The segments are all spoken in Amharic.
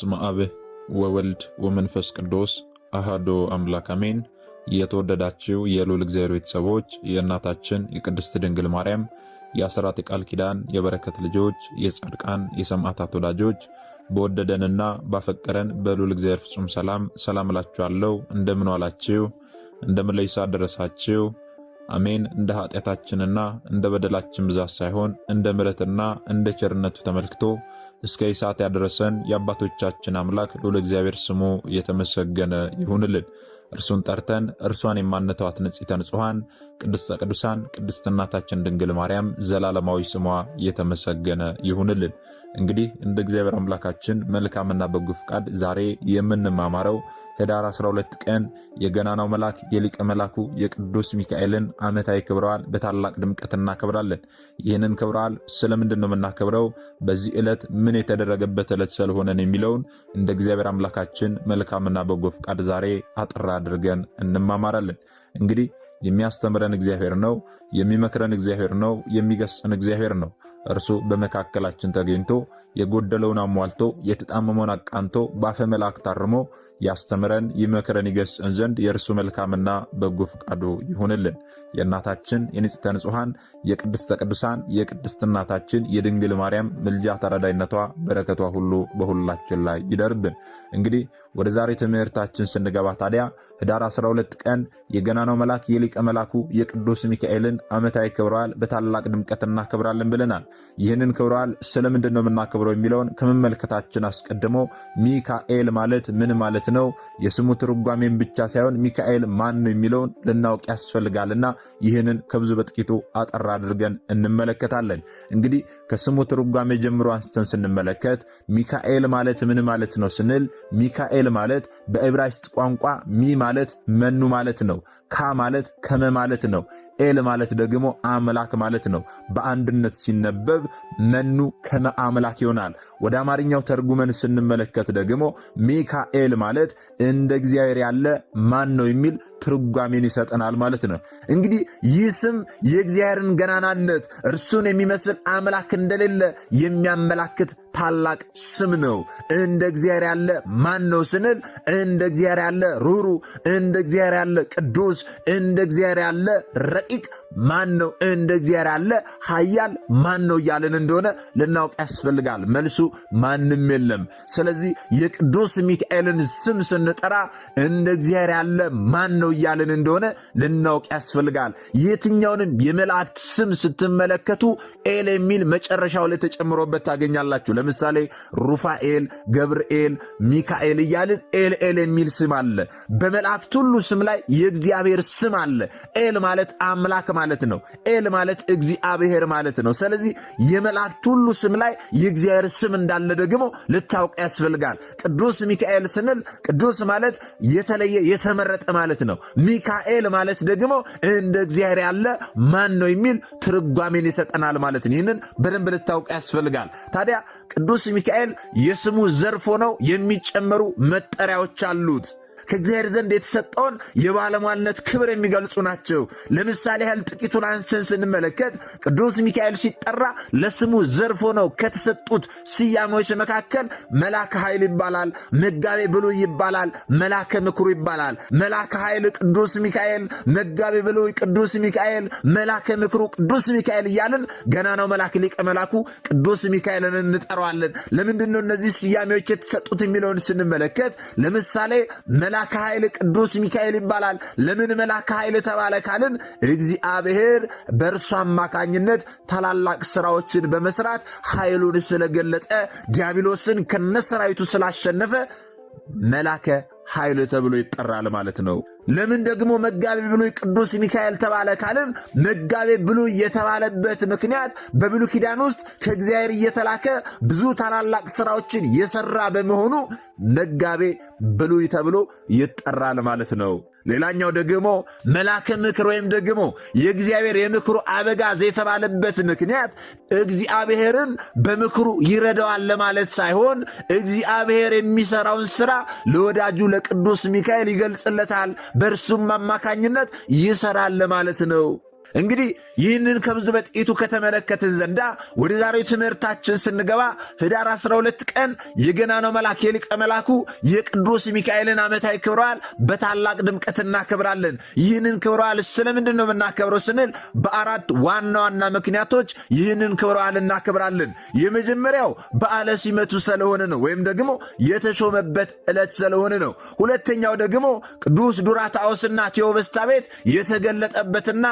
በስመ አብ ወወልድ ወመንፈስ ቅዱስ አሃዶ አምላክ አሜን። የተወደዳችሁ የልዑል እግዚአብሔር ቤተሰቦች የእናታችን የቅድስት ድንግል ማርያም የአስራት የቃል ኪዳን የበረከት ልጆች የጻድቃን የሰማዕታት ወዳጆች በወደደንና ባፈቀረን በልዑል እግዚአብሔር ፍጹም ሰላም ሰላም እላችኋለሁ። እንደምን ዋላችሁ? እንደምን ለይሳ አሜን። እንደ ኃጢአታችንና እንደ በደላችን ብዛት ሳይሆን እንደ ምሕረትና እንደ ቸርነቱ ተመልክቶ እስከ ሰዓት ያደረሰን የአባቶቻችን አምላክ ልዑል እግዚአብሔር ስሙ እየተመሰገነ ይሁንልን። እርሱን ጠርተን እርሷን የማንተዋት ንጽሕተ ንጹሐን ቅድስተ ቅዱሳን ቅድስት እናታችን ድንግል ማርያም ዘላለማዊ ስሟ እየተመሰገነ ይሁንልን። እንግዲህ እንደ እግዚአብሔር አምላካችን መልካምና በጎ ፍቃድ ዛሬ የምንማማረው ህዳር 12 ቀን የገናናው መልአክ የሊቀ መላኩ የቅዱስ ሚካኤልን ዓመታዊ ክብረዋል በታላቅ ድምቀት እናከብራለን። ይህንን ክብረዋል ስለምንድን ነው የምናከብረው? በዚህ ዕለት ምን የተደረገበት ዕለት ስለሆነን የሚለውን እንደ እግዚአብሔር አምላካችን መልካምና በጎ ፍቃድ ዛሬ አጥራ አድርገን እንማማራለን። እንግዲህ የሚያስተምረን እግዚአብሔር ነው፣ የሚመክረን እግዚአብሔር ነው፣ የሚገስጸን እግዚአብሔር ነው። እርሱ በመካከላችን ተገኝቶ የጎደለውን አሟልቶ የተጣመመውን አቃንቶ በአፈ መልአክ ታርሞ ያስተምረን ይመክረን ይገስጸን ዘንድ የእርሱ መልካምና በጎ ፈቃዱ ይሁንልን። የእናታችን የንጽተ ንጹሐን የቅድስተ ቅዱሳን የቅድስት እናታችን የድንግል ማርያም ምልጃ ተረዳይነቷ፣ በረከቷ ሁሉ በሁላችን ላይ ይደርብን። እንግዲህ ወደ ዛሬ ትምህርታችን ስንገባ ታዲያ ህዳር 12 ቀን የገናናው መልአክ የሊቀ መልአኩ የቅዱስ ሚካኤልን ዓመታዊ ክብረ በዓል በታላቅ ድምቀት እናከብራለን ብለናል። ይህንን ክብረ በዓል ስለምንድን ነው የምናከብረው የሚኖረው የሚለውን ከመመልከታችን አስቀድሞ ሚካኤል ማለት ምን ማለት ነው? የስሙ ትርጓሜን ብቻ ሳይሆን ሚካኤል ማን ነው የሚለውን ልናውቅ ያስፈልጋልና ይህንን ከብዙ በጥቂቱ አጠር አድርገን እንመለከታለን። እንግዲህ ከስሙ ትርጓሜ ጀምሮ አንስተን ስንመለከት ሚካኤል ማለት ምን ማለት ነው ስንል ሚካኤል ማለት በዕብራይስጥ ቋንቋ ሚ ማለት መኑ ማለት ነው። ካ ማለት ከመ ማለት ነው። ኤል ማለት ደግሞ አምላክ ማለት ነው። በአንድነት ሲነበብ መኑ ከመ አምላክ ይሆናል። ወደ አማርኛው ተርጉመን ስንመለከት ደግሞ ሚካኤል ማለት እንደ እግዚአብሔር ያለ ማን ነው የሚል ትርጓሜን ይሰጠናል ማለት ነው። እንግዲህ ይህ ስም የእግዚአብሔርን ገናናነት እርሱን የሚመስል አምላክ እንደሌለ የሚያመላክት ታላቅ ስም ነው። እንደ እግዚአብሔር ያለ ማን ነው ስንል እንደ እግዚአብሔር ያለ ሩሩ፣ እንደ እግዚአብሔር ያለ ቅዱስ፣ እንደ እግዚአብሔር ያለ ረቂቅ ማን ነው እንደ እግዚአብሔር ያለ ኃያል ማን ነው እያለን እንደሆነ ልናውቅ ያስፈልጋል። መልሱ ማንም የለም። ስለዚህ የቅዱስ ሚካኤልን ስም ስንጠራ እንደ እግዚአብሔር ያለ ማን ነው እያለን እንደሆነ ልናውቅ ያስፈልጋል። የትኛውንም የመላእክት ስም ስትመለከቱ ኤል የሚል መጨረሻው ላይ ተጨምሮበት ታገኛላችሁ። ለምሳሌ ሩፋኤል፣ ገብርኤል፣ ሚካኤል እያልን ኤል ኤል የሚል ስም አለ። በመላእክት ሁሉ ስም ላይ የእግዚአብሔር ስም አለ። ኤል ማለት አምላክ ማለት ነው። ኤል ማለት እግዚአብሔር ማለት ነው። ስለዚህ የመላእክት ሁሉ ስም ላይ የእግዚአብሔር ስም እንዳለ ደግሞ ልታውቅ ያስፈልጋል። ቅዱስ ሚካኤል ስንል ቅዱስ ማለት የተለየ የተመረጠ ማለት ነው። ሚካኤል ማለት ደግሞ እንደ እግዚአብሔር ያለ ማን ነው የሚል ትርጓሜን ይሰጠናል ማለት ነው። ይህንን በደንብ ልታውቅ ያስፈልጋል። ታዲያ ቅዱስ ሚካኤል የስሙ ዘርፎ ነው የሚጨመሩ መጠሪያዎች አሉት። ከእግዚአብሔር ዘንድ የተሰጠውን የባለሟልነት ክብር የሚገልጹ ናቸው። ለምሳሌ ያህል ጥቂቱን አንስተን ስንመለከት ቅዱስ ሚካኤል ሲጠራ ለስሙ ዘርፎ ነው ከተሰጡት ስያሜዎች መካከል መላከ ኃይል ይባላል፣ መጋቤ ብሉይ ይባላል፣ መላከ ምክሩ ይባላል። መላከ ኃይል ቅዱስ ሚካኤል፣ መጋቤ ብሉይ ቅዱስ ሚካኤል፣ መላከ ምክሩ ቅዱስ ሚካኤል እያልን ገና ነው መላክ ሊቀ መላኩ ቅዱስ ሚካኤልን እንጠራዋለን። ለምንድን ነው እነዚህ ስያሜዎች የተሰጡት የሚለውን ስንመለከት ለምሳሌ መልአከ ኃይል ቅዱስ ሚካኤል ይባላል። ለምን መላከ ኃይል ተባለ ካልን እግዚአብሔር በእርሱ አማካኝነት ታላላቅ ስራዎችን በመስራት ኃይሉን ስለገለጠ ዲያብሎስን ከነሰራዊቱ ስላሸነፈ መላከ ኃይል ተብሎ ይጠራል ማለት ነው። ለምን ደግሞ መጋቤ ብሉይ ቅዱስ ሚካኤል ተባለ ካልን መጋቤ ብሉይ የተባለበት ምክንያት በብሉይ ኪዳን ውስጥ ከእግዚአብሔር እየተላከ ብዙ ታላላቅ ስራዎችን የሰራ በመሆኑ መጋቤ ብሉይ ተብሎ ይጠራል ማለት ነው። ሌላኛው ደግሞ መላከ ምክር ወይም ደግሞ የእግዚአብሔር የምክሩ አበጋዝ የተባለበት ምክንያት እግዚአብሔርን በምክሩ ይረዳዋል ለማለት ሳይሆን እግዚአብሔር የሚሰራውን ስራ ለወዳጁ ለቅዱስ ሚካኤል ይገልጽለታል፣ በእርሱም አማካኝነት ይሰራል ለማለት ነው። እንግዲህ ይህንን ከብዙ በጥቂቱ ከተመለከትን ዘንዳ ወደ ዛሬው ትምህርታችን ስንገባ ህዳር 12 ቀን የገናናው መልአክ የሊቀ መልአኩ የቅዱስ ሚካኤልን ዓመታዊ ክብረ በዓል በታላቅ ድምቀት እናከብራለን። ይህንን ክብረ በዓል ስለምንድን ነው የምናከብረው ስንል በአራት ዋና ዋና ምክንያቶች ይህንን ክብረ በዓል እናከብራለን። የመጀመሪያው በዓለ ሲመቱ ስለሆነ ነው፣ ወይም ደግሞ የተሾመበት ዕለት ስለሆነ ነው። ሁለተኛው ደግሞ ቅዱስ ዱራታዎስና ቴዎብስታ ቤት የተገለጠበትና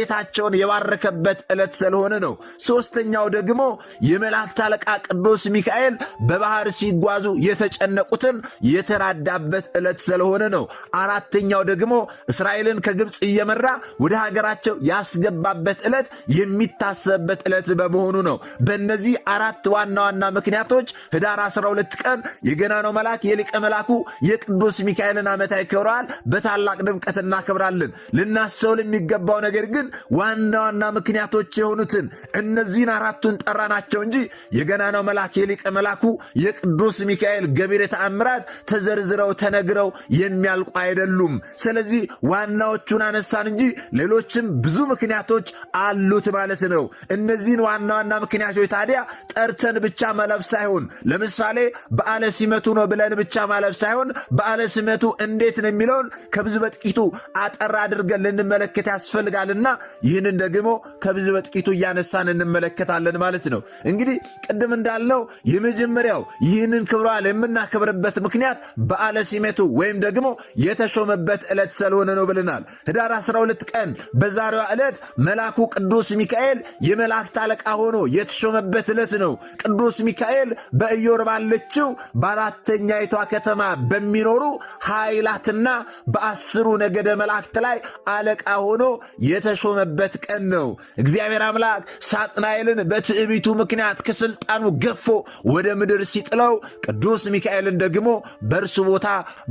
ቤታቸውን የባረከበት ዕለት ስለሆነ ነው። ሦስተኛው ደግሞ የመላእክት አለቃ ቅዱስ ሚካኤል በባህር ሲጓዙ የተጨነቁትን የተራዳበት ዕለት ስለሆነ ነው። አራተኛው ደግሞ እስራኤልን ከግብፅ እየመራ ወደ ሀገራቸው ያስገባበት ዕለት የሚታሰብበት ዕለት በመሆኑ ነው። በእነዚህ አራት ዋና ዋና ምክንያቶች ህዳር 12 ቀን የገናናው መልአክ የሊቀ መልአኩ የቅዱስ ሚካኤልን ዓመታዊ ክብረ በዓል በታላቅ ድምቀት እናከብራለን። ልናስተውል የሚገባው ነገር ግን ዋና ዋና ምክንያቶች የሆኑትን እነዚህን አራቱን ጠራናቸው እንጂ የገናናው መልአክ የሊቀ መልአኩ የቅዱስ ሚካኤል ገቢረ ተአምራት ተዘርዝረው ተነግረው የሚያልቁ አይደሉም። ስለዚህ ዋናዎቹን አነሳን እንጂ ሌሎችም ብዙ ምክንያቶች አሉት ማለት ነው። እነዚህን ዋና ዋና ምክንያቶች ታዲያ ጠርተን ብቻ ማለፍ ሳይሆን ለምሳሌ በዓለ ሲመቱ ነው ብለን ብቻ ማለፍ ሳይሆን በዓለ ሲመቱ እንዴት ነው የሚለውን ከብዙ በጥቂቱ አጠር አድርገን ልንመለከት ያስፈልጋልና ይህንን ደግሞ ከብዙ በጥቂቱ እያነሳን እንመለከታለን ማለት ነው። እንግዲህ ቅድም እንዳልነው የመጀመሪያው ይህንን ክብረ በዓል የምናከብርበት ምክንያት በዓለ ሲመቱ ወይም ደግሞ የተሾመበት ዕለት ስለሆነ ነው ብለናል። ህዳር 12 ቀን በዛሬዋ ዕለት መልአኩ ቅዱስ ሚካኤል የመላእክት አለቃ ሆኖ የተሾመበት ዕለት ነው። ቅዱስ ሚካኤል በኢዮር ባለችው በአራተኛይቷ ከተማ በሚኖሩ ኃይላትና በአስሩ ነገደ መላእክት ላይ አለቃ ሆኖ የተሾ የተሾመበት ቀን ነው። እግዚአብሔር አምላክ ሳጥናኤልን በትዕቢቱ ምክንያት ከስልጣኑ ገፎ ወደ ምድር ሲጥለው ቅዱስ ሚካኤልን ደግሞ በእርሱ ቦታ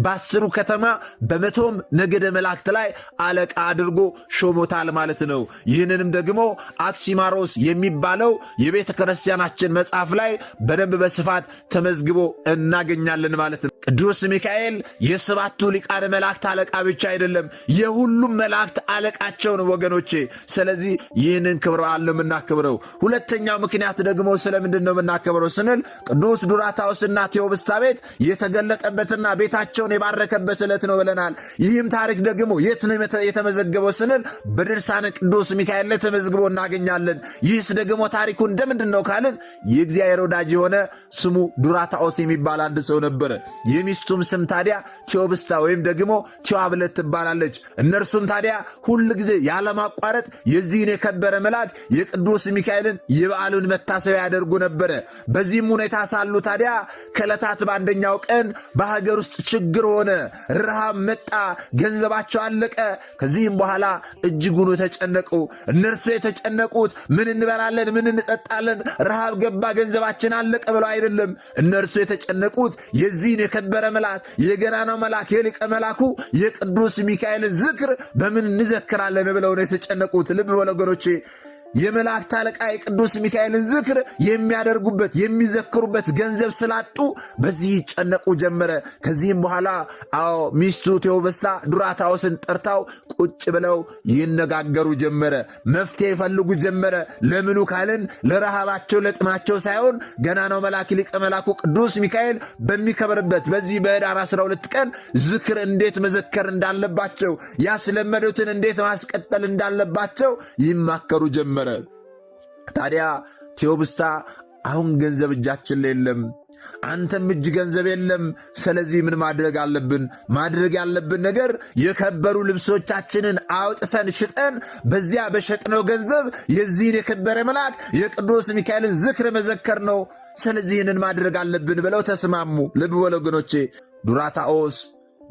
በአስሩ ከተማ በመቶም ነገደ መላእክት ላይ አለቃ አድርጎ ሾሞታል ማለት ነው። ይህንንም ደግሞ አክሲማሮስ የሚባለው የቤተ ክርስቲያናችን መጽሐፍ ላይ በደንብ በስፋት ተመዝግቦ እናገኛለን ማለት ነው። ቅዱስ ሚካኤል የሰባቱ ሊቃነ መላእክት አለቃ ብቻ አይደለም፣ የሁሉም መላእክት አለቃቸውን ወገኖች ወገኖቼ። ስለዚህ ይህንን ክብረ በዓል ነው የምናከብረው። ሁለተኛው ምክንያት ደግሞ ስለምንድን ነው የምናከብረው ስንል ቅዱስ ዱራታውስና ቴዎብስታ ቤት የተገለጠበትና ቤታቸውን የባረከበት ዕለት ነው ብለናል። ይህም ታሪክ ደግሞ የት ነው የተመዘገበው ስንል በድርሳነ ቅዱስ ሚካኤል ላይ ተመዝግቦ እናገኛለን። ይህስ ደግሞ ታሪኩ እንደምንድን ነው ካልን የእግዚአብሔር ወዳጅ የሆነ ስሙ ዱራታውስ የሚባል አንድ ሰው ነበረ። የሚስቱም ስም ታዲያ ቴዎብስታ ወይም ደግሞ ቴዋብለት ትባላለች። እነርሱም ታዲያ ሁል ጊዜ ያለማቋ በማቋረጥ የዚህን የከበረ መልአክ የቅዱስ ሚካኤልን የበዓሉን መታሰቢያ ያደርጉ ነበረ። በዚህም ሁኔታ ሳሉ ታዲያ ከዕለታት በአንደኛው ቀን በሀገር ውስጥ ችግር ሆነ፣ ረሃብ መጣ፣ ገንዘባቸው አለቀ። ከዚህም በኋላ እጅጉኑ ተጨነቁ። እነርሱ የተጨነቁት ምን እንበላለን፣ ምን እንጠጣለን፣ ረሃብ ገባ፣ ገንዘባችን አለቀ ብለው አይደለም። እነርሱ የተጨነቁት የዚህን የከበረ መልአክ የገናናው መልአክ የሊቀ መልአኩ የቅዱስ ሚካኤልን ዝክር በምን እንዘክራለን ብለው ነው የማትጨነቁት ልብ ወለገኖቼ የመላእክት አለቃ የቅዱስ ሚካኤልን ዝክር የሚያደርጉበት የሚዘክሩበት ገንዘብ ስላጡ በዚህ ይጨነቁ ጀመረ። ከዚህም በኋላ አዎ ሚስቱ ቴዎበስታ ዱራታውስን ጠርታው ቁጭ ብለው ይነጋገሩ ጀመረ። መፍትሄ ይፈልጉ ጀመረ። ለምኑ ካልን ለረሃባቸው ለጥማቸው ሳይሆን ገና ነው መልአክ ሊቀ መላኩ ቅዱስ ሚካኤል በሚከበርበት በዚህ በህዳር 12 ቀን ዝክር እንዴት መዘከር እንዳለባቸው ያስለመዱትን እንዴት ማስቀጠል እንዳለባቸው ይማከሩ ጀመረ። ጀመረ። ታዲያ ቴዎብሳ አሁን ገንዘብ እጃችን ላይ የለም፣ አንተም እጅ ገንዘብ የለም። ስለዚህ ምን ማድረግ አለብን? ማድረግ ያለብን ነገር የከበሩ ልብሶቻችንን አውጥተን ሽጠን በዚያ በሸጥነው ገንዘብ የዚህን የከበረ መልአክ የቅዱስ ሚካኤልን ዝክር መዘከር ነው። ስለዚህ ይህንን ማድረግ አለብን ብለው ተስማሙ። ልብ ወለገኖቼ ዱራታኦስ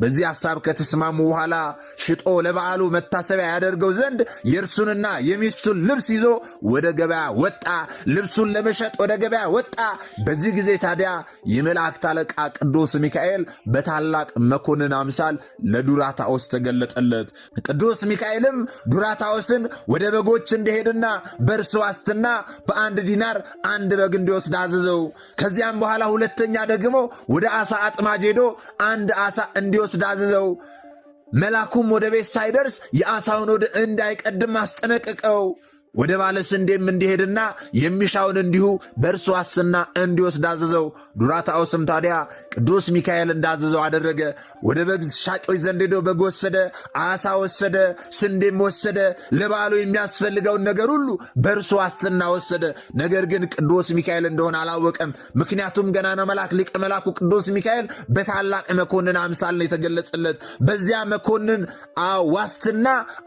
በዚህ ሐሳብ ከተስማሙ በኋላ ሽጦ ለበዓሉ መታሰቢያ ያደርገው ዘንድ የእርሱንና የሚስቱን ልብስ ይዞ ወደ ገበያ ወጣ። ልብሱን ለመሸጥ ወደ ገበያ ወጣ። በዚህ ጊዜ ታዲያ የመላእክት አለቃ ቅዱስ ሚካኤል በታላቅ መኮንን አምሳል ለዱራታዎስ ተገለጠለት። ቅዱስ ሚካኤልም ዱራታዎስን ወደ በጎች እንዲሄድና በእርስ ዋስትና በአንድ ዲናር አንድ በግ እንዲወስድ አዘዘው። ከዚያም በኋላ ሁለተኛ ደግሞ ወደ አሳ አጥማጅ ሄዶ አንድ አሳ እንዲወስድ ወስዳዘዘው። መልአኩም ወደ ቤት ሳይደርስ የአሳውን ወደ እንዳይቀድም አስጠነቅቀው። ወደ ባለ ስንዴም እንዲሄድና የሚሻውን እንዲሁ በእርሱ ዋስትና እንዲወስድ አዘዘው። ዱራታውስም ታዲያ ቅዱስ ሚካኤል እንዳዘዘው አደረገ። ወደ በግ ሻጮች ዘንድ ሄዶ በግ ወሰደ፣ አሳ ወሰደ፣ ስንዴም ወሰደ። ለበዓሉ የሚያስፈልገውን ነገር ሁሉ በእርሱ ዋስትና ወሰደ። ነገር ግን ቅዱስ ሚካኤል እንደሆነ አላወቀም። ምክንያቱም ገናነ መልአክ ሊቀ መልአኩ ቅዱስ ሚካኤል በታላቅ መኮንን አምሳል ነው የተገለጸለት። በዚያ መኮንን ዋስትና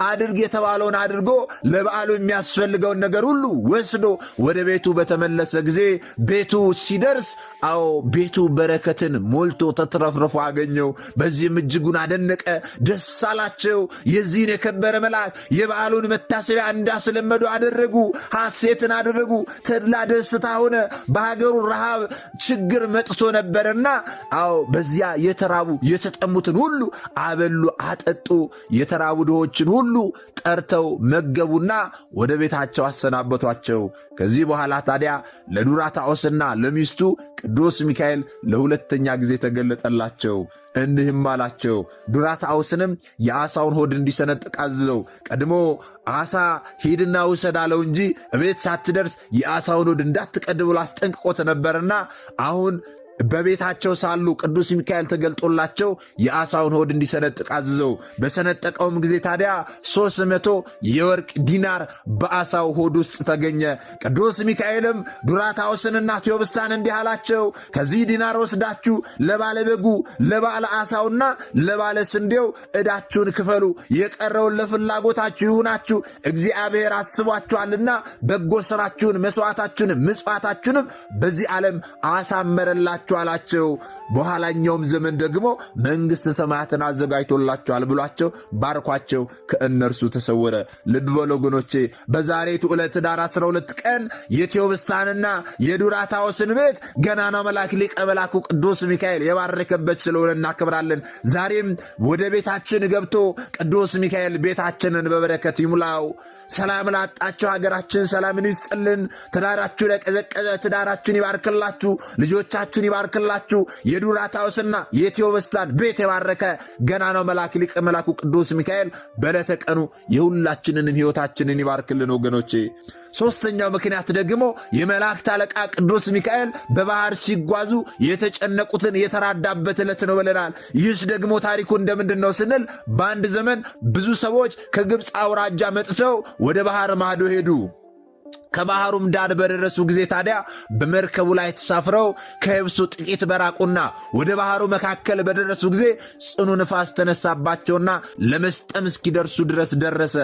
አድርግ የተባለውን አድርጎ ለበዓሉ የሚያስ የሚያስፈልገውን ነገር ሁሉ ወስዶ ወደ ቤቱ በተመለሰ ጊዜ ቤቱ ሲደርስ፣ አዎ ቤቱ በረከትን ሞልቶ ተትረፍርፎ አገኘው። በዚህም እጅጉን አደነቀ፣ ደስ አላቸው። የዚህን የከበረ መልአክ የበዓሉን መታሰቢያ እንዳስለመዱ አደረጉ፣ ሐሴትን አደረጉ። ተድላ ደስታ ሆነ። በሀገሩ ረሃብ ችግር መጥቶ ነበርና፣ አዎ በዚያ የተራቡ የተጠሙትን ሁሉ አበሉ፣ አጠጡ። የተራቡ ድሆችን ሁሉ ጠርተው መገቡና ወደ ቤታቸው አሰናበቷቸው። ከዚህ በኋላ ታዲያ ለዱራታዖስና ለሚስቱ ቅዱስ ሚካኤል ለሁለተኛ ጊዜ ተገለጠላቸው። እንህም አላቸው፣ ዱራታዖስንም የአሳውን ሆድ እንዲሰነጥቅ አዘዘው። ቀድሞ አሳ ሂድና ውሰድ አለው እንጂ እቤት ሳትደርስ የአሳውን ሆድ እንዳትቀድ ብሎ አስጠንቅቆት ነበርና አሁን በቤታቸው ሳሉ ቅዱስ ሚካኤል ተገልጦላቸው የአሳውን ሆድ እንዲሰነጥቅ አዘዘው። በሰነጠቀውም ጊዜ ታዲያ ሦስት መቶ የወርቅ ዲናር በአሳው ሆድ ውስጥ ተገኘ። ቅዱስ ሚካኤልም ዱራታውስንና ቴዎብስታን እንዲህ አላቸው፣ ከዚህ ዲናር ወስዳችሁ ለባለ በጉ ለባለ አሳውና ለባለ ስንዴው ዕዳችሁን ክፈሉ፣ የቀረውን ለፍላጎታችሁ ይሁናችሁ። እግዚአብሔር አስቧችኋልና በጎ ስራችሁን፣ መስዋዕታችሁንም ምጽዋታችሁንም በዚህ ዓለም አሳመረላችሁ አላቸው። በኋላኛውም ዘመን ደግሞ መንግሥተ ሰማያትን አዘጋጅቶላቸዋል ብሏቸው ባርኳቸው ከእነርሱ ተሰወረ። ልብ በሉ ወገኖቼ፣ በዛሬቱ ዕለት ኅዳር 12 ቀን የቴዎብስታንና የዱራታዎስን ቤት ገናና መልአክ ሊቀ መልአኩ ቅዱስ ሚካኤል የባረከበት ስለሆነ እናከብራለን። ዛሬም ወደ ቤታችን ገብቶ ቅዱስ ሚካኤል ቤታችንን በበረከት ይሙላው። ሰላም ላጣቸው ሀገራችን ሰላምን ይስጥልን። ትዳራችሁ ለቀዘቀዘ ትዳራችሁን ይባርክላችሁ። ልጆቻችሁን ይባርክላችሁ። የዱራታውስና የቴዎብስታን ቤት የባረከ ገና ነው መልአክ ሊቀ መላኩ ቅዱስ ሚካኤል በዕለተ ቀኑ የሁላችንንም ሕይወታችንን ይባርክልን ወገኖቼ። ሦስተኛው ምክንያት ደግሞ የመላእክት አለቃ ቅዱስ ሚካኤል በባህር ሲጓዙ የተጨነቁትን የተራዳበት ዕለት ነው ብለናል። ይህስ ደግሞ ታሪኩ እንደምንድን ነው ስንል በአንድ ዘመን ብዙ ሰዎች ከግብፅ አውራጃ መጥተው ወደ ባህር ማዶ ሄዱ። ከባህሩም ዳር በደረሱ ጊዜ ታዲያ በመርከቡ ላይ ተሳፍረው ከየብሱ ጥቂት በራቁና ወደ ባህሩ መካከል በደረሱ ጊዜ ጽኑ ንፋስ ተነሳባቸውና ለመስጠም እስኪደርሱ ድረስ ደረሰ።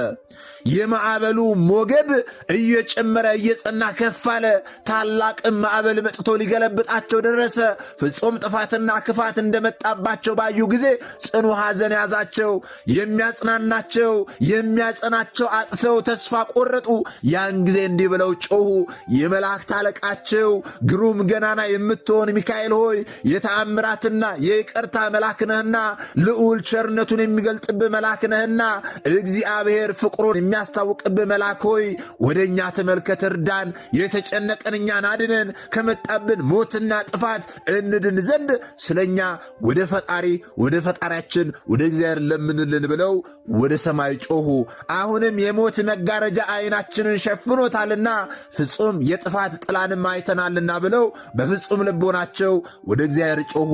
የማዕበሉ ሞገድ እየጨመረ እየጸና ከፍ አለ። ታላቅም ማዕበል መጥቶ ሊገለብጣቸው ደረሰ። ፍጹም ጥፋትና ክፋት እንደመጣባቸው ባዩ ጊዜ ጽኑ ሐዘን ያዛቸው። የሚያጽናናቸው የሚያጸናቸው አጥተው ተስፋ ቆረጡ። ያን ጊዜ እንዲህ ብለው ጮኹ። የመላእክት አለቃቸው ግሩም ገናና የምትሆን ሚካኤል ሆይ የተአምራትና የይቅርታ መልአክ ነህና ልዑል ቸርነቱን የሚገልጥብህ መልአክ ነህና እግዚአብሔር ፍቅሩን የሚያስታውቅብህ መልአክ ሆይ ወደ እኛ ተመልከት፣ እርዳን፣ የተጨነቀን እኛን አድነን፣ ከመጣብን ሞትና ጥፋት እንድን ዘንድ ስለኛ ወደ ፈጣሪ ወደ ፈጣሪያችን ወደ እግዚአብሔር ለምንልን ብለው ወደ ሰማይ ጮኹ። አሁንም የሞት መጋረጃ ዓይናችንን ሸፍኖታልና አይተናልና ፍጹም የጥፋት ጥላንም አይተናልና ብለው በፍጹም ልቦናቸው ወደ እግዚአብሔር ጮኹ፣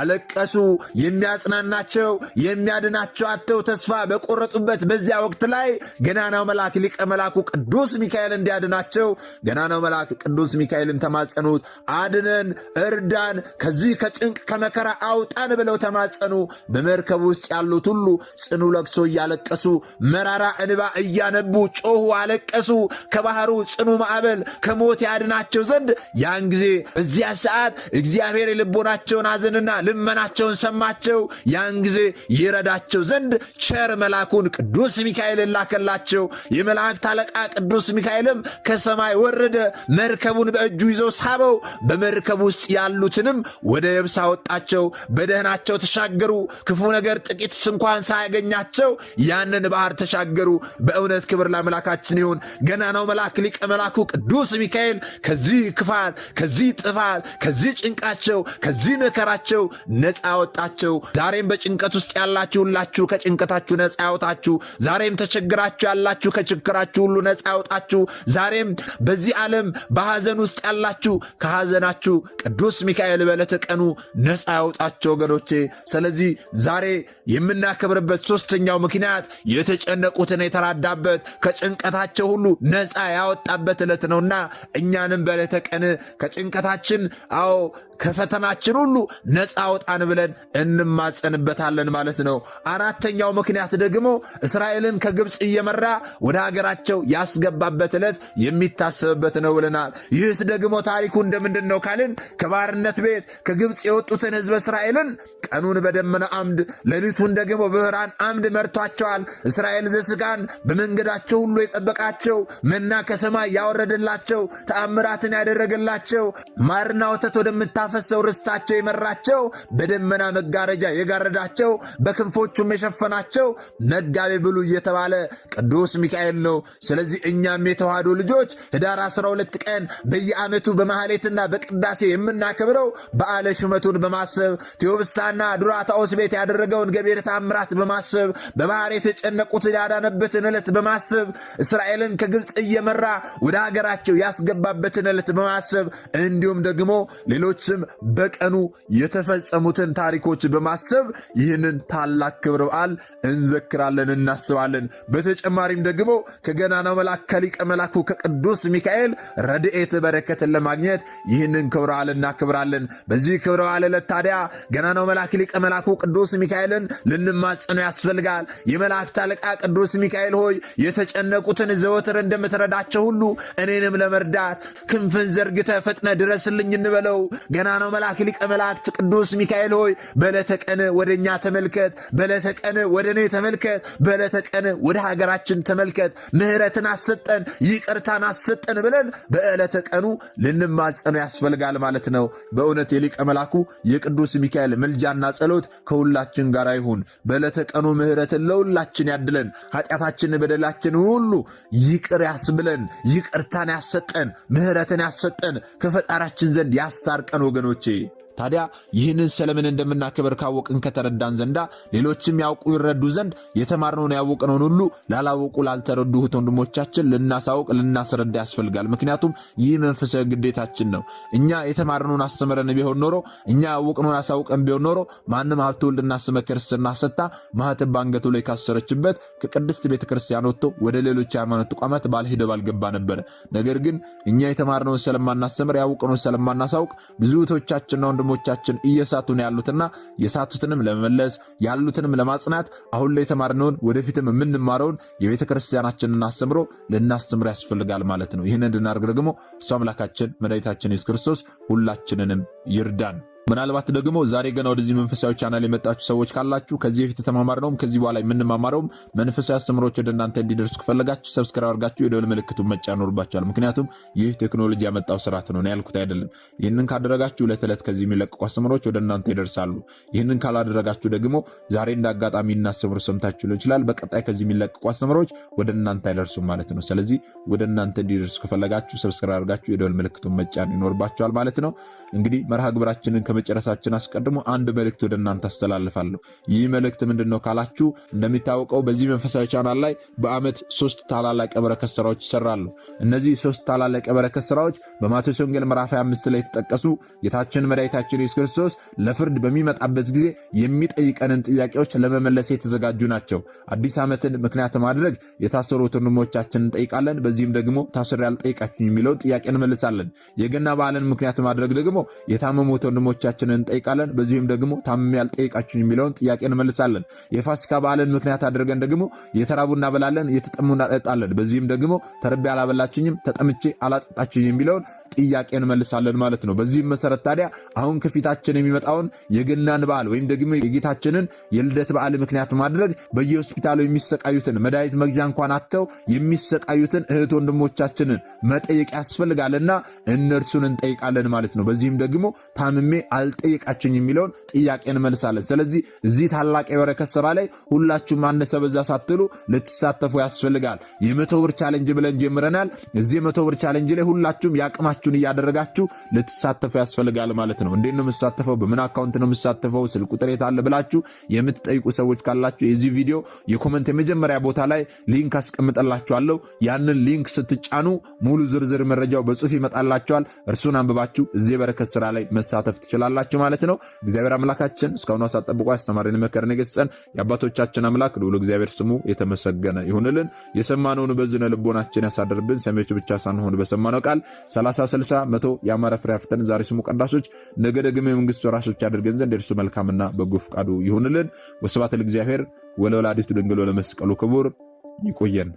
አለቀሱ። የሚያጽናናቸው የሚያድናቸው አተው ተስፋ በቆረጡበት በዚያ ወቅት ላይ ገናናው መልአክ ሊቀ መልአኩ ቅዱስ ሚካኤል እንዲያድናቸው ገናናው መልአክ ቅዱስ ሚካኤልን ተማጸኑት። አድነን፣ እርዳን፣ ከዚህ ከጭንቅ ከመከራ አውጣን ብለው ተማጸኑ። በመርከብ ውስጥ ያሉት ሁሉ ጽኑ ለቅሶ እያለቀሱ መራራ እንባ እያነቡ ጮኹ፣ አለቀሱ። ከባህሩ ጽኑ ማዕበል ከሞት ያድናቸው ዘንድ ያን ጊዜ በዚያ ሰዓት እግዚአብሔር የልቦናቸውን አዘንና ልመናቸውን ሰማቸው። ያን ጊዜ ይረዳቸው ዘንድ ቸር መልአኩን ቅዱስ ሚካኤልን ላከላቸው። የመላእክት አለቃ ቅዱስ ሚካኤልም ከሰማይ ወረደ፣ መርከቡን በእጁ ይዞ ሳበው። በመርከቡ ውስጥ ያሉትንም ወደ የብስ አወጣቸው። በደህናቸው ተሻገሩ። ክፉ ነገር ጥቂት ስንኳን ሳያገኛቸው ያንን ባህር ተሻገሩ። በእውነት ክብር ለአምላካችን ይሁን። ገናናው መልአክ ሊቀ መልኩ ቅዱስ ሚካኤል ከዚህ ክፋት፣ ከዚህ ጥፋት፣ ከዚህ ጭንቃቸው፣ ከዚህ መከራቸው ነፃ ያወጣቸው። ዛሬም በጭንቀት ውስጥ ያላችሁ ሁላችሁ ከጭንቀታችሁ ነፃ ያወጣችሁ። ዛሬም ተቸግራችሁ ያላችሁ ከችግራችሁ ሁሉ ነፃ ያወጣችሁ። ዛሬም በዚህ ዓለም በሐዘን ውስጥ ያላችሁ ከሐዘናችሁ ቅዱስ ሚካኤል በዕለተ ቀኑ ነፃ ያወጣቸው ወገኖቼ። ስለዚህ ዛሬ የምናከብርበት ሦስተኛው ምክንያት የተጨነቁትን የተራዳበት ከጭንቀታቸው ሁሉ ነፃ ያወጣ የምንፈታበት ዕለት ነውና እኛንም በዕለተ ቀን ከጭንቀታችን፣ አዎ ከፈተናችን ሁሉ ነፃ አውጣን ብለን እንማጸንበታለን ማለት ነው። አራተኛው ምክንያት ደግሞ እስራኤልን ከግብፅ እየመራ ወደ ሀገራቸው ያስገባበት ዕለት የሚታሰብበት ነው ብለናል። ይህስ ደግሞ ታሪኩ እንደምንድን ነው ካልን ከባርነት ቤት ከግብፅ የወጡትን ህዝብ እስራኤልን ቀኑን በደመና አምድ ሌሊቱን ደግሞ በብርሃን አምድ መርቷቸዋል። እስራኤል ዘስጋን በመንገዳቸው ሁሉ የጠበቃቸው መና ከሰማይ ላይ ያወረደላቸው፣ ተአምራትን ያደረገላቸው፣ ማርና ወተት ወደምታፈሰው ርስታቸው የመራቸው፣ በደመና መጋረጃ የጋረዳቸው፣ በክንፎቹም የሸፈናቸው መጋቤ ብሉይ እየተባለ ቅዱስ ሚካኤል ነው። ስለዚህ እኛም የተዋህዶ ልጆች ህዳር 12 ቀን በየዓመቱ በማህሌትና በቅዳሴ የምናከብረው በዓለ ሹመቱን በማሰብ ቴዎብስታና ዱራታኦስ ቤት ያደረገውን ገቢረ ተአምራት በማሰብ በባህር የተጨነቁትን ያዳነበትን ዕለት በማሰብ እስራኤልን ከግብፅ እየመራ ወደ ሀገራቸው ያስገባበትን ዕለት በማሰብ እንዲሁም ደግሞ ሌሎችም በቀኑ የተፈጸሙትን ታሪኮች በማሰብ ይህንን ታላቅ ክብረ በዓል እንዘክራለን፣ እናስባለን። በተጨማሪም ደግሞ ከገናናው መልአክ ከሊቀ መልአኩ ከቅዱስ ሚካኤል ረድኤት በረከትን ለማግኘት ይህንን ክብረ በዓል እናክብራለን። በዚህ ክብረ በዓል ዕለት ታዲያ ገናናው መልአክ ሊቀ መልአኩ ቅዱስ ሚካኤልን ልንማጸነው ያስፈልጋል። የመላእክት አለቃ ቅዱስ ሚካኤል ሆይ የተጨነቁትን ዘወትር እንደምትረዳቸው ሁሉ እኔንም ለመርዳት ክንፍን ዘርግተ ፈጥነ ድረስልኝ እንበለው። ገና ነው መልአክ ሊቀ መላእክት ቅዱስ ሚካኤል ሆይ በዕለተ ቀን ወደ እኛ ተመልከት፣ በዕለተ ቀን ወደ እኔ ተመልከት፣ በዕለተ ቀን ወደ ሀገራችን ተመልከት፣ ምሕረትን አሰጠን፣ ይቅርታን አሰጠን ብለን በዕለተ ቀኑ ልንማጸነው ያስፈልጋል ማለት ነው። በእውነት የሊቀ መላኩ የቅዱስ ሚካኤል ምልጃና ጸሎት ከሁላችን ጋር ይሁን። በዕለተ ቀኑ ምሕረትን ለሁላችን ያድለን፣ ኃጢአታችን በደላችን ሁሉ ይቅር ያስብለን። ይቅርታን ያሰጠን፣ ምህረትን ያሰጠን፣ ከፈጣራችን ዘንድ ያስታርቀን ወገኖቼ። ታዲያ ይህንን ሰለምን እንደምናከብር ካወቅን ከተረዳን ዘንዳ ሌሎችም ያውቁ ይረዱ ዘንድ የተማርነውን ያወቅነውን ሁሉ ላላወቁ ላልተረዱ ላልተረዱት ወንድሞቻችን ልናሳውቅ ልናስረዳ ያስፈልጋል። ምክንያቱም ይህ መንፈሳዊ ግዴታችን ነው። እኛ የተማርነውን አስተምረን ቢሆን ኖሮ፣ እኛ ያወቅነውን አሳውቀን ቢሆን ኖሮ ማንም ሀብተ ወልድና ስመ ክርስትና ሰታ ማኅተብ በአንገቱ ላይ ካሰረችበት ከቅድስት ቤተ ክርስቲያን ወጥቶ ወደ ሌሎች የሃይማኖት ተቋማት ባልሄደ ባልገባ ነበረ። ነገር ግን እኛ የተማርነውን ስለማናስተምር ያውቅነውን ስለማናሳውቅ ብዙ እህቶቻችንና ወንድሞቻችን እየሳቱን ያሉትና የሳቱትንም ለመመለስ ያሉትንም ለማጽናት አሁን ላይ የተማርነውን ወደፊትም የምንማረውን የቤተ ክርስቲያናችንን አስተምሮ ልናስተምር ያስፈልጋል ማለት ነው። ይህን እንድናደርግ ደግሞ እሱ አምላካችን መድኃኒታችን ኢየሱስ ክርስቶስ ሁላችንንም ይርዳን። ምናልባት ደግሞ ዛሬ ገና ወደዚህ መንፈሳዊ ቻናል የመጣችሁ ሰዎች ካላችሁ ከዚህ በፊት የተማማርነውም ከዚህ በኋላ የምንማማረውም መንፈሳዊ አስተምሮች ወደ እናንተ እንዲደርሱ ከፈለጋችሁ ሰብስክራይብ አድርጋችሁ የደወል ምልክቱን መጫን ይኖርባችኋል። ምክንያቱም ይህ ቴክኖሎጂ ያመጣው ስርዓት ነው ያልኩት አይደለም። ይህንን ካደረጋችሁ ዕለት ዕለት ከዚህ የሚለቅቁ አስተምሮች ወደ እናንተ ይደርሳሉ። ይህንን ካላደረጋችሁ ደግሞ ዛሬ እንደ አጋጣሚ እናስተምሮ ሰምታችሁ ሊሆን ይችላል። በቀጣይ ከዚህ የሚለቅቁ አስተምሮች ወደ እናንተ አይደርሱም ማለት ነው። ስለዚህ ወደ እናንተ እንዲደርሱ ከፈለጋችሁ ሰብስክራይብ አድርጋችሁ የደወል ምልክቱን መጫን ይኖርባችኋል ማለት ነው። እንግዲህ መርሃ ግብራችንን ከመጨረሳችን አስቀድሞ አንድ መልእክት ወደ እናንተ አስተላልፋለሁ። ይህ መልእክት ምንድን ነው ካላችሁ እንደሚታወቀው በዚህ መንፈሳዊ ቻናል ላይ በዓመት ሶስት ታላላቅ የበረከት ስራዎች ይሰራሉ። እነዚህ ሶስት ታላላቅ የበረከት ስራዎች በማቴዎስ ወንጌል ምዕራፍ 25 ላይ የተጠቀሱ ጌታችን መድኃኒታችን ኢየሱስ ክርስቶስ ለፍርድ በሚመጣበት ጊዜ የሚጠይቀንን ጥያቄዎች ለመመለስ የተዘጋጁ ናቸው። አዲስ ዓመትን ምክንያት ማድረግ የታሰሩ ወንድሞቻችን እንጠይቃለን። በዚህም ደግሞ ታስሬ አልጠይቃችሁ የሚለውን ጥያቄ እንመልሳለን። የገና በዓልን ምክንያት ማድረግ ደግሞ የታመሙት ወንድሞች ወገኖቻችንን እንጠይቃለን። በዚህም ደግሞ ታምሜ ያልጠይቃችሁ የሚለውን ጥያቄ እንመልሳለን። የፋሲካ በዓልን ምክንያት አድርገን ደግሞ የተራቡ እናበላለን፣ የተጠሙ እናጠጣለን። በዚህም ደግሞ ተርቤ አላበላችኝም፣ ተጠምቼ አላጠጣችኝ የሚለውን ጥያቄ እንመልሳለን ማለት ነው። በዚህም መሰረት ታዲያ አሁን ከፊታችን የሚመጣውን የገናን በዓል ወይም ደግሞ የጌታችንን የልደት በዓል ምክንያት ማድረግ በየሆስፒታሉ የሚሰቃዩትን መድኃኒት መግዣ እንኳን አጥተው የሚሰቃዩትን እህት ወንድሞቻችንን መጠየቅ ያስፈልጋልና እነርሱን እንጠይቃለን ማለት ነው። በዚህም ደግሞ ታምሜ አልጠየቃችኝ የሚለውን ጥያቄ እንመልሳለን። ስለዚህ እዚህ ታላቅ የበረከት ስራ ላይ ሁላችሁም አነሰ በዛ ሳትሉ ልትሳተፉ ያስፈልጋል። የመቶ ብር ቻለንጅ ብለን ጀምረናል። እዚህ የመቶ ብር ቻለንጅ ላይ ሁላችሁም ያቅማችሁ የበኩላችሁን እያደረጋችሁ ልትሳተፉ ያስፈልጋል ማለት ነው። እንዴት ነው የምሳተፈው? በምን አካውንት ነው የምሳተፈው? ስልክ ቁጥር የት አለ ብላችሁ የምትጠይቁ ሰዎች ካላችሁ የዚህ ቪዲዮ የኮመንት የመጀመሪያ ቦታ ላይ ሊንክ አስቀምጠላችኋለሁ። ያንን ሊንክ ስትጫኑ ሙሉ ዝርዝር መረጃው በጽሁፍ ይመጣላችኋል። እርሱን አንብባችሁ እዚህ የበረከት ስራ ላይ መሳተፍ ትችላላችሁ ማለት ነው። እግዚአብሔር አምላካችን እስካሁኑ አሳጠብቆ ያስተማረን መከረን የገሰጸን የአባቶቻችን አምላክ ልዑል እግዚአብሔር ስሙ የተመሰገነ ይሁንልን። የሰማነውን በዝነ ልቦናችን ያሳደርብን ሰሚዎች ብቻ ሳንሆን በሰማነው ቃል 60 መቶ የአማራ ፍሬ አፍርተን ዛሬ ስሙ ቀዳሾች ነገ ደግሞ የመንግስት ወራሾች አድርገን ዘንድ እርሱ መልካምና በጎ ፈቃዱ ይሁንልን። ወስብሐት ለእግዚአብሔር ወለወላዲቱ ድንግል ወለመስቀሉ ክቡር። ይቆየን።